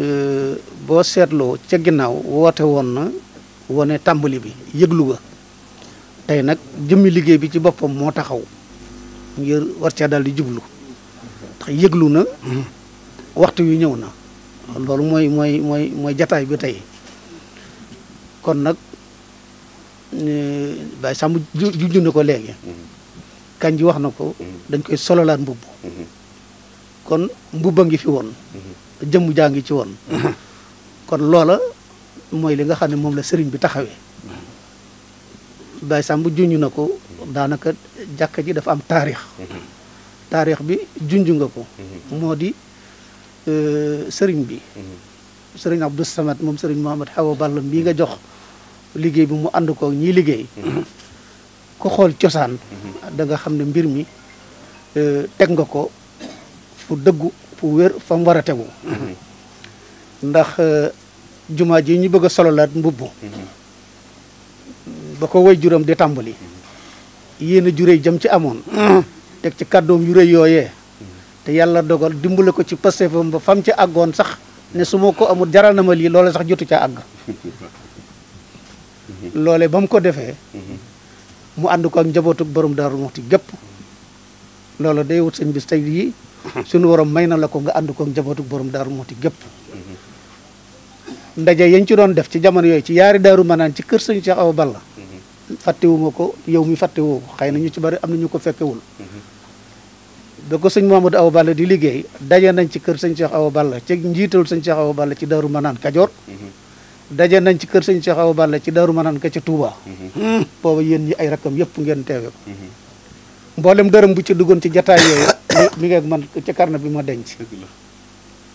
Euh, boo seetloo ca ginnaaw woote woon na wone tàmbali bi yëglu ga tey nag jëmmi liggéey bi ci boppam moo taxaw ngir war cee daal di jublu ndax yëglu na waxtu yu ñëw na loolu mooy mooy mooy mooy jataay bi tey kon nag Baye ju junj na ko léegi kañ ji wax na ko mm-hmm. dañ koy sololaat mbubb mm-hmm. kon mbubba ngi fi woon mm-hmm. jëmm jaa ngi ci woon kon loola mooy li nga xam ne moom la sëriñ bi taxawee Baye Samb junj na ko daanaka jàkka ji dafa am taarix taarix bi junj nga ko moo di euh, sëriñ bi sëriñ Abdou Samad moom sëriñ Mohamad Hawa Ballam bii nga jox liggéey bi mu ànd koog ñiy liggéey ku xool cosaan da nga xam ne mbir mi euh, teg nga ko fu dëggu fu wér fa war a tegu ndax euh, jumaa ji ñu bëgg a sololaat mbubb ba ko way juram di tàmbali yéen a juré jëm ci amoon teg ci kàddoom yu rëy yooyee te yàlla dogal dimbale ko ci pastéefam ba fam ci àggoon sax ne su ma ko amul jaral na ma lii loole sax jotu ca àgg loole ba mu ko defee mu ànd ko ak njabootug borom Daaru Muxti gépp loolu day wut sëñ bis tey yii suñu borom may na la ko nga ànd ko njabootu borom daaru Muxti gépp ndaje yañ ci doon def ci jamono yooyu ci yaari daaru manaan ci kër sëñ Cheikh Awa Balla fàttewuma ko yow mi fàttewoo xëy na ñu ci bari am na ñu ko fekkewul da ko sëñ Mamadou Awa Balla di liggéey daje nañ ci kër sëñ Cheikh Awa Balla ci njiital sëñ Cheikh Awa Balla ci daaru manaan Kajoor daje nañ ci kër sëñ Cheikh Awa Balla ci daaru manaan ka ca Touba booba yéen ñi ay rakkam yëpp ngeen teewe ko mboolem dërëm bu ci duggoon ci jataay yooyu mi ngi ak man ca karna bi ma denc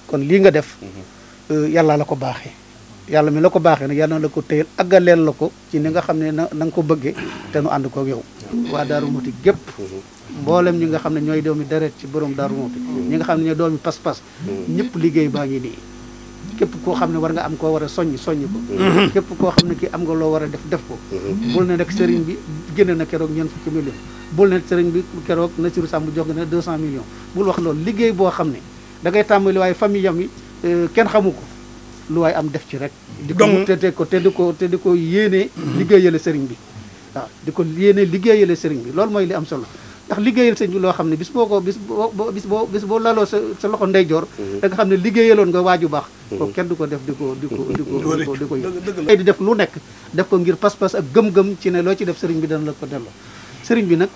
kon lii nga def mhm. euh, yàlla la ko baaxee yàlla mi la ko baaxee nag yàlla na la ko téyal aggaleel la ko ci ni nga xam ne na nga ko bëggee te nu ànd koog yow waa Daaru Muti gépp mhm. mboolem ñi nga xam ne ñooy doomi deret ci borom Daaru Muti mhm. ñi nga xam ne ñooy doomi pas-pas ñëpp liggéey baa ngi nii képp koo xam ne war nga am koo war a soññ soññ ko képp koo xam ne kii am nga loo war a def def ko bul ne nag sëriñ bi génn na keroog ñeent fukki million bul ne sëriñ bi keroog Nassirou Samb jox na 200 millions bul wax loolu liggéey boo xam ne dangay ngay tàmbali waaye famille am yi euh, kenn xamu ko lu waaye am def ci rek. di ko te ko te di ko te di ko yéenee. liggéeyale sëriñ bi waaw di ko yéenee liggéeyale sëriñ bi loolu mooy li am solo. ndax liggéeyal sëñ bi loo xam ne bis boo ko bis boo bis boo bis boo laloo sa sa loxo ndeyjoor. Mhm. da nga xam ne liggéeyaloon nga waaju baax. Mhm. ko kenn du ko def di ko di ko di ko di di def lu nekk def ko ngir pas-pas ak gëm-gëm ci ne loo ci def sëriñ bi dana la ko delloo. sëriñ bi nag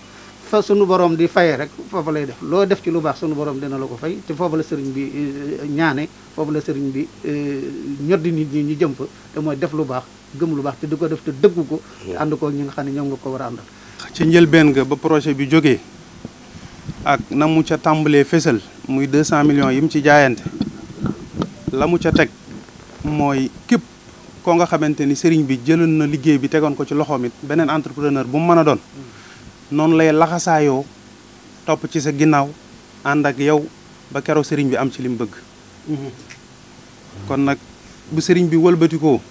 fa sunu borom di fayee rek foofu lay def loo def ci lu baax sunu borom dina la ko fay te foofu la sëriñ bi eh, ñaane foofu la sëriñ bi eh, ñoddi nit ñi ñu jëm fa te mooy def lu baax gëm lu baax te di ko def te dëggu ko te ànd kook ñi nga xam ne ñoom nga ko war a àndal ca njëlbeen ga ba projet bi jóge ak na mu ca tàmbalee fësal muy 200 millions yi mu ci jaayante la mu ca teg mooy képp koo nga xamante ni sëriñ bi jëlal na liggéey bi tegoon ko ci loxoom beneen entrepreneur bu mën a doon noonu lay laxasaayoo topp ci sa ginnaaw ànd ak yow ba keroog sëriñ bi am ci li bëgg mm-hmm. kon nag bu sëriñ bi walbatikoo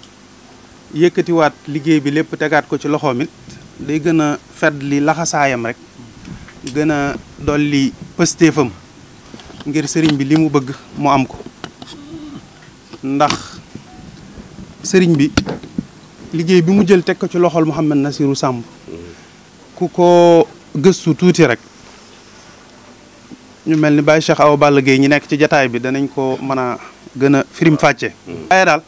yëkkatiwaat liggéey bi lépp tegaat ko ci loxoom it day gën a fedd li laxasaayam rek gën a dolli pëstéefam ngir sëriñ bi li mu bëgg mu am ko ndax sëriñ bi liggéey bi mu jël teg ko ci loxol Mouhamed Nassirou Samb ku ko gëstu tuuti rek ñu mel ni Baye Cheikh Awa Balla Gueye ñi nekk ci jataay bi danañ ko mën a gën a firim fàcce mm-hmm. waaye daal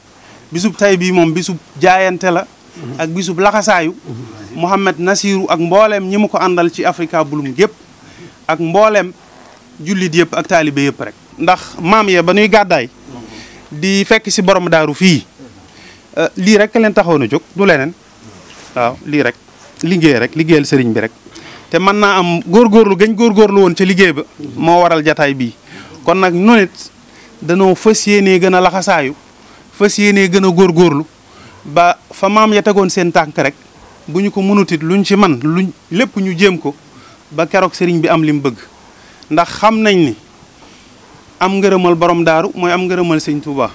bisub tay bii moom bisub jaayante la mm-hmm. ak bisub laxasaayu mm-hmm. Mouhamed Nasiru ak mbooleem ñi mu ko àndal ci Africa Bloom gépp ak mbooleem jullit yëpp ak taalibe yëpp rek ndax maam yee ba nuy gàddaay di fekk si borom daaru fii euh, lii rek leen taxoon a jóg du leneen waaw lii rek liggéey rek liggéeyal sëriñ bi rek te mën naa am góorgóorlu gañ góorlu woon ca liggéey ba moo waral jataay bii kon nag noonu danoo fës yéenee gën a laxasaayu fës yéenee gën a góorlu ba fa maam ya tegoon seen tànk rek bu ñu ko mënutit luñ ci man luñ lépp ñu jéem ko ba keroog sëriñ bi am li mu bëgg ndax xam nañ ni am ngërëmal borom daaru mooy am ngërëmal sëñ Touba.